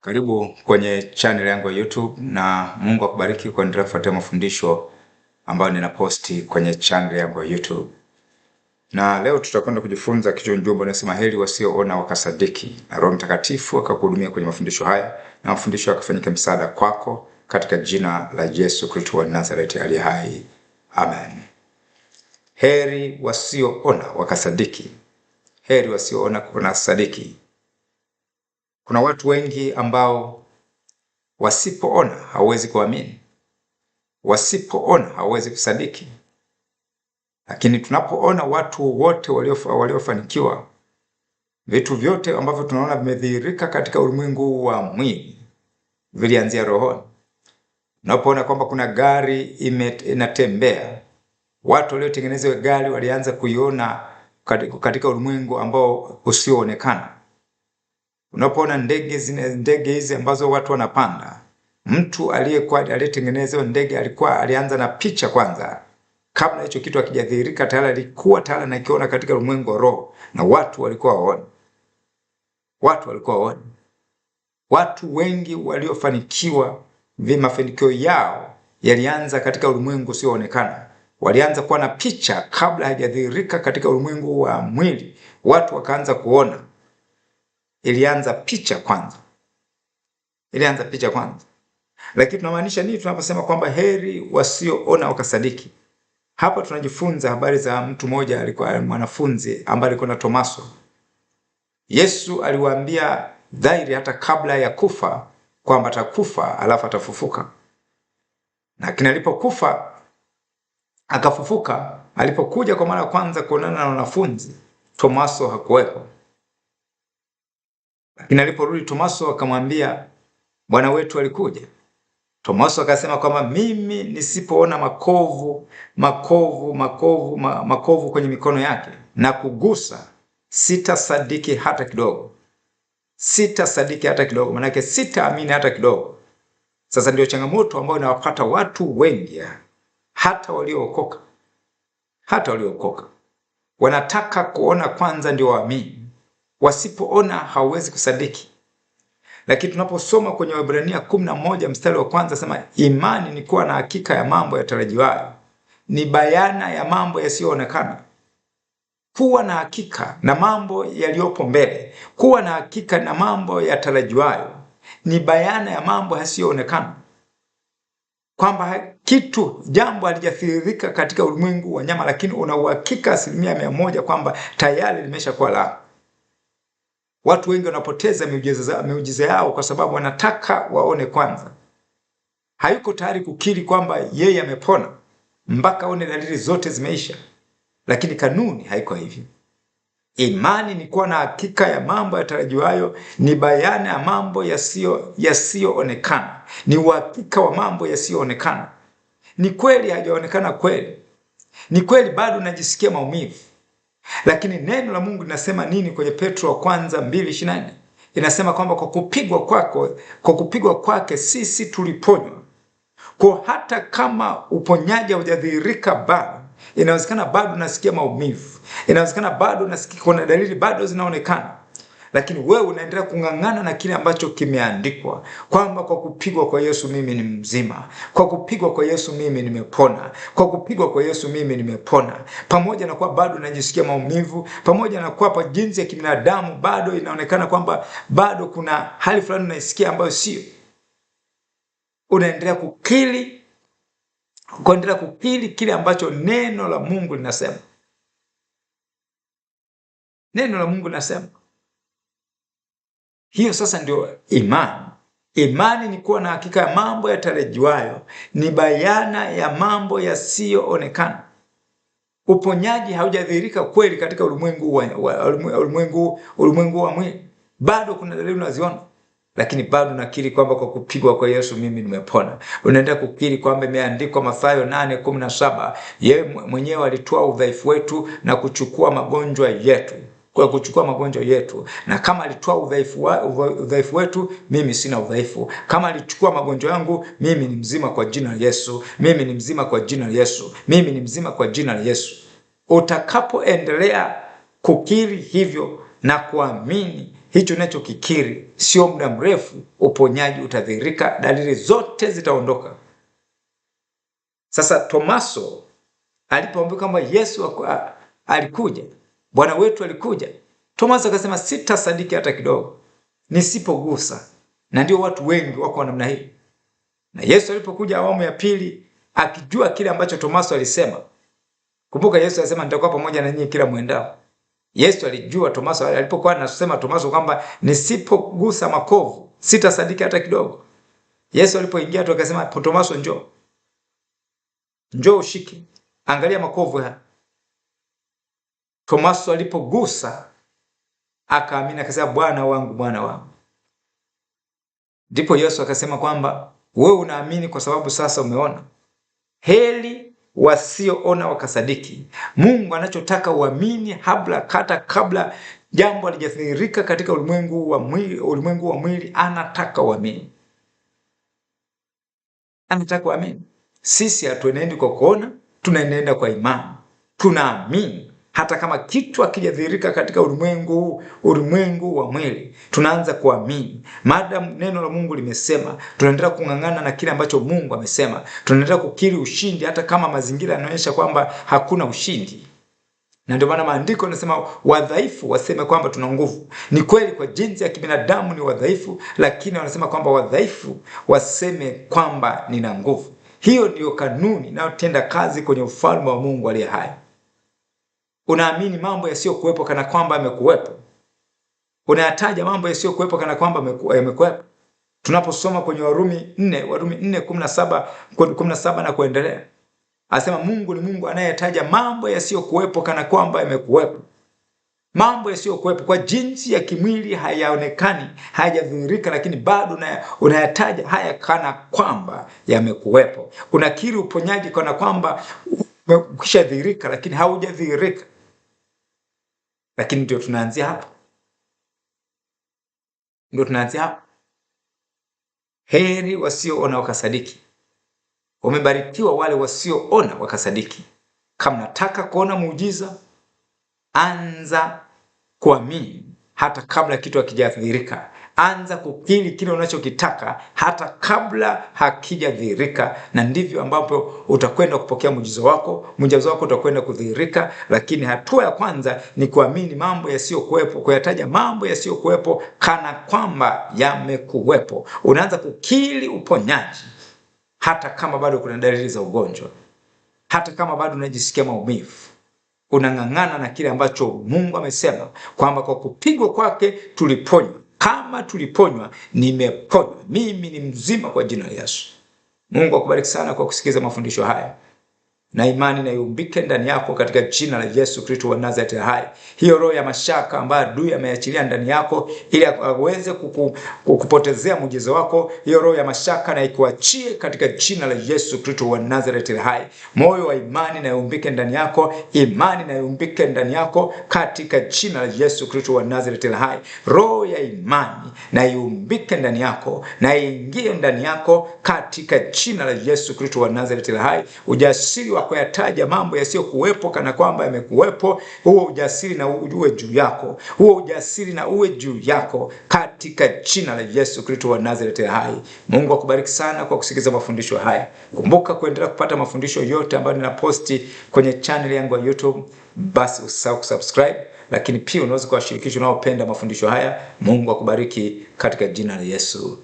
Karibu kwenye channel yangu ya YouTube na Mungu akubariki kuendelea kufuatia mafundisho ambayo ninaposti kwenye channel yangu ya YouTube. Na leo tutakwenda kujifunza kichwa ujumbe unasema heri wasioona wakasadiki, na Roho Mtakatifu akakuhudumia kwenye mafundisho haya na mafundisho yakafanyike msaada kwako katika jina la Yesu Kristo wa Nazareti aliye hai. Amen. Heri wasioona wakasadiki. Heri wasioona kuna sadiki. Kuna watu wengi ambao wasipoona hawezi kuamini, wasipoona hawezi kusadiki. Lakini tunapoona watu wote waliofanikiwa, walio vitu vyote ambavyo tunaona vimedhihirika katika ulimwengu wa mwili vilianzia rohoni. Unapoona kwamba kuna gari inatembea, watu waliotengeneza gari walianza kuiona katika ulimwengu ambao usioonekana. Unapoona ndege zine ndege hizi ambazo watu wanapanda, mtu aliyekuwa aliyetengeneza hiyo ndege alikuwa alianza na picha kwanza kabla hicho kitu akijadhihirika tayari alikuwa tayari anakiona katika ulimwengu wa roho, na watu walikuwa waone, watu walikuwa waone. Watu wengi waliofanikiwa, mafanikio yao yalianza katika ulimwengu usioonekana. Walianza kuwa na picha kabla haijadhihirika katika ulimwengu wa mwili, watu wakaanza kuona ilianza picha kwanza, ilianza picha kwanza. Lakini tunamaanisha nini tunaposema kwamba heri wasioona wakasadiki? Hapa tunajifunza habari za mtu mmoja, alikuwa mwanafunzi ambaye alikuwa na Tomaso. Yesu aliwaambia dhahiri hata kabla ya kufa kwamba atakufa alafu atafufuka, lakini alipokufa akafufuka, alipokuja kwa mara ya kwanza kuonana na wanafunzi, Tomaso hakuwepo. Lakini aliporudi Tomaso akamwambia, Bwana wetu alikuja. Tomaso akasema kwamba mimi nisipoona makovu makovu makovu ma, makovu kwenye mikono yake na kugusa sitasadiki hata kidogo, sitasadiki hata kidogo, manake sitaamini hata kidogo. Sasa ndio changamoto ambayo inawapata watu wengi, hata waliookoka, hata waliookoka, wanataka kuona kwanza ndio waamini wasipoona hauwezi kusadiki. Lakini tunaposoma kwenye Waebrania 11 mstari wa kwanza sema, imani ni kuwa na hakika ya mambo yatarajiwayo, ni bayana ya mambo yasiyoonekana. Kuwa na hakika na mambo yaliyopo mbele, kuwa na hakika na mambo yatarajiwayo, ni bayana ya mambo yasiyoonekana, kwamba kitu jambo halijathiririka katika ulimwengu wa nyama, lakini una uhakika asilimia mia moja kwamba tayari limeshakuwa la Watu wengi wanapoteza miujiza yao kwa sababu wanataka waone kwanza. Hayuko tayari kukiri kwamba yeye amepona mpaka aone dalili zote zimeisha. Lakini kanuni haiko hivyo. Imani ni kuwa na hakika ya mambo yatarajiwayo, ni bayana ya mambo yasiyoonekana, ni uhakika wa mambo yasiyoonekana. Ni kweli hajaonekana kweli, ni kweli bado najisikia maumivu lakini neno la Mungu linasema nini kwenye Petro wa kwanza 2:24? Inasema kwamba kwa kupigwa kwako, kwa kupigwa kwake sisi tuliponywa. Kwa hata kama uponyaji haujadhihirika bado, inawezekana bado nasikia maumivu, inawezekana bado nasikia kuna dalili bado zinaonekana lakini wewe unaendelea kung'ang'ana na kile ambacho kimeandikwa kwamba kwa kupigwa kwa Yesu mimi ni mzima, kwa kupigwa kwa Yesu mimi nimepona, kwa kupigwa kwa Yesu mimi nimepona, pamoja na kuwa bado najisikia maumivu, pamoja na kuwa kwa jinsi ya kibinadamu bado inaonekana kwamba bado kuna hali fulani unaisikia ambayo sio, unaendelea kukili kuendelea kukili kile ambacho neno la Mungu linasema. Neno la Mungu linasema hiyo sasa ndio imani. Imani ni kuwa na hakika ya mambo yatarajiwayo, ni bayana ya mambo yasiyoonekana. Uponyaji haujadhihirika kweli katika ulimwengu wa, wa, ulimwengu, ulimwengu wa mwili. Bado kuna dalili unaziona, lakini bado nakiri kwamba kwa kupigwa kwa Yesu mimi nimepona. Unaenda kukiri kwamba imeandikwa Mathayo 8:17, yeye mwenyewe alitoa udhaifu wetu na kuchukua magonjwa yetu kwa kuchukua magonjwa yetu, na kama alitoa udhaifu udhaifu wetu, mimi sina udhaifu. Kama alichukua magonjwa yangu, mimi ni mzima kwa jina la Yesu, mimi ni mzima kwa jina la Yesu, mimi ni mzima kwa jina la Yesu. Utakapoendelea kukiri hivyo na kuamini hicho unachokikiri, sio muda mrefu uponyaji utadhihirika, dalili zote zitaondoka. Sasa Tomaso alipoambiwa kwamba Yesu alikuja Bwana wetu alikuja. Thomas akasema sitasadiki hata kidogo nisipogusa, na ndio watu wengi wako namna hii. Na Yesu alipokuja awamu ya pili, akijua kile ambacho Thomas alisema. Kumbuka Yesu alisema nitakuwa pamoja na nyinyi kila mwendao. Yesu alijua Thomas alipokuwa anasema Thomas kwamba nisipogusa makovu sitasadiki hata kidogo. Yesu alipoingia tu akasema Thomas, njoo. Njoo ushike. Angalia makovu haya. Tomaso alipogusa akaamini, akasema Bwana wangu, Bwana wangu. Ndipo Yesu akasema kwamba wewe unaamini kwa sababu sasa umeona. heli wasioona wakasadiki. Mungu anachotaka uamini habla kata kabla jambo alijadhihirika katika ulimwengu wa mwili. Ulimwengu wa mwili anataka uamini, anataka uamini. Sisi hatuenendi kwa kuona, tunaenenda kwa imani, tunaamini hata kama kitu akijadhihirika katika ulimwengu huu, ulimwengu wa mwili, tunaanza kuamini. Maadamu neno la Mungu limesema, tunaendelea kung'ang'ana na kile ambacho Mungu amesema, tunaendelea kukiri ushindi, hata kama mazingira yanaonyesha kwamba hakuna ushindi. Na ndio maana maandiko yanasema wadhaifu waseme kwamba tuna nguvu. Ni kweli kwa jinsi ya kibinadamu ni wadhaifu, lakini wanasema kwamba wadhaifu waseme kwamba nina nguvu. Hiyo ndiyo kanuni inayotenda kazi kwenye ufalme wa Mungu aliye hai. Unaamini mambo yasiyokuwepo kana kwamba yamekuwepo. Unayataja mambo yasiyokuwepo kana kwamba yamekuwepo. Tunaposoma kwenye Warumi 4, Warumi 4 17, na kuendelea. Anasema Mungu ni Mungu anayetaja mambo yasiyokuwepo kana kwamba yamekuwepo. Mambo yasiyokuwepo kwa jinsi ya kimwili hayaonekani, hayajadhihirika, lakini bado unayataja haya kana kwamba yamekuwepo. Unakiri uponyaji kana kwamba umeshadhihirika, lakini haujadhihirika lakini ndio tunaanzia hapa ndio tunaanzia hapa heri wasioona wakasadiki wamebarikiwa wale wasioona wakasadiki kama nataka kuona muujiza anza kuamini hata kabla kitu hakijadhihirika anza kukiri kile unachokitaka hata kabla hakijadhihirika, na ndivyo ambapo utakwenda kupokea mujizo wako. Mujizo wako utakwenda kudhihirika, lakini hatua ya kwanza ni kuamini mambo yasiyokuwepo, kuyataja mambo yasiyokuwepo kana kwamba yamekuwepo. Unaanza kukiri uponyaji hata kama bado kuna dalili za ugonjwa, hata kama bado unajisikia maumivu unang'ang'ana na kile ambacho Mungu amesema kwamba kwa kupigwa kwake tuliponywa kama tuliponywa, nimeponywa, mimi ni mzima kwa jina la Yesu. Mungu akubariki sana kwa kusikiza mafundisho haya na imani na iumbike ndani yako katika jina la Yesu Kristo wa Nazareti hai. Hiyo roho ya mashaka ambayo adui ameachilia ndani yako ili aweze kuku, kukupotezea mujizo wako, hiyo roho ya mashaka na ikuachie katika jina la Yesu Kristo wa Nazareti hai. Moyo wa imani na iumbike ndani yako, imani na iumbike ndani yako katika jina la Yesu Kristo wa Nazareti hai. Roho ya imani na iumbike ndani yako na iingie ndani yako katika jina la Yesu Kristo wa Nazareti hai. Ujasiri wa kuyataja mambo yasiyokuwepo kana kwamba yamekuwepo. Huo ujasiri na uwe juu yako, huo ujasiri na uwe juu yako katika jina la Yesu Kristo wa Nazareti hai. Mungu akubariki sana kwa kusikiliza mafundisho haya. Kumbuka kuendelea kupata mafundisho yote ambayo ninaposti kwenye channel yangu ya YouTube, basi usisahau kusubscribe, lakini pia unaweza kuwashirikisha unaopenda mafundisho haya. Mungu akubariki katika jina la Yesu.